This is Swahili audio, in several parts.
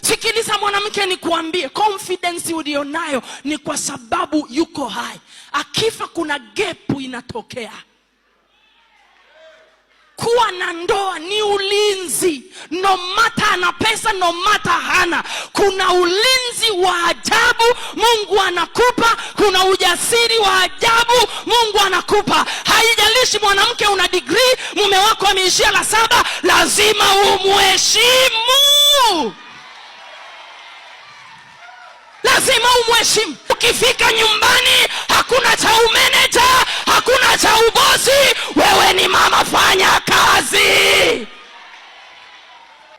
Sikiliza mwanamke, nikuambie, confidence ulionayo ni kwa sababu yuko hai. Akifa kuna gepu inatokea. Kuwa na ndoa ni ulinzi, no mata ana pesa, no mata hana, kuna ulinzi wa ajabu Mungu anakupa, kuna ujasiri wa ajabu Mungu anakupa. Haijalishi mwanamke, una degree, mume wako ameishia la saba, lazima umheshimu. lazima umheshimu ukifika nyumbani hakuna cha umeneja hakuna cha ubosi wewe ni mama fanya kazi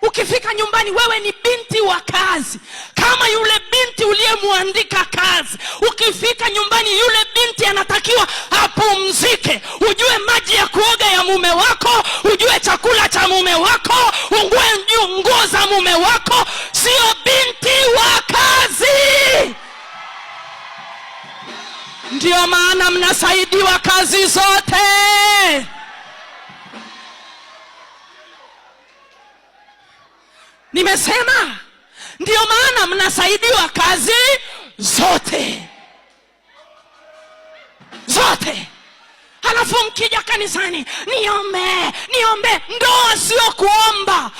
ukifika nyumbani wewe ni binti wa kazi kama yule binti uliyemwandika kazi ukifika nyumbani yule binti anatakiwa apumzike ujue maji ya kuoga ya mume wako ujue chakula cha mume wako ungue nguo za mume wako sio binti Ndiyo maana mnasaidiwa kazi zote. Nimesema ndiyo maana mnasaidiwa kazi zote zote. Halafu mkija kanisani, niombe niombe. Ndoa sio kuomba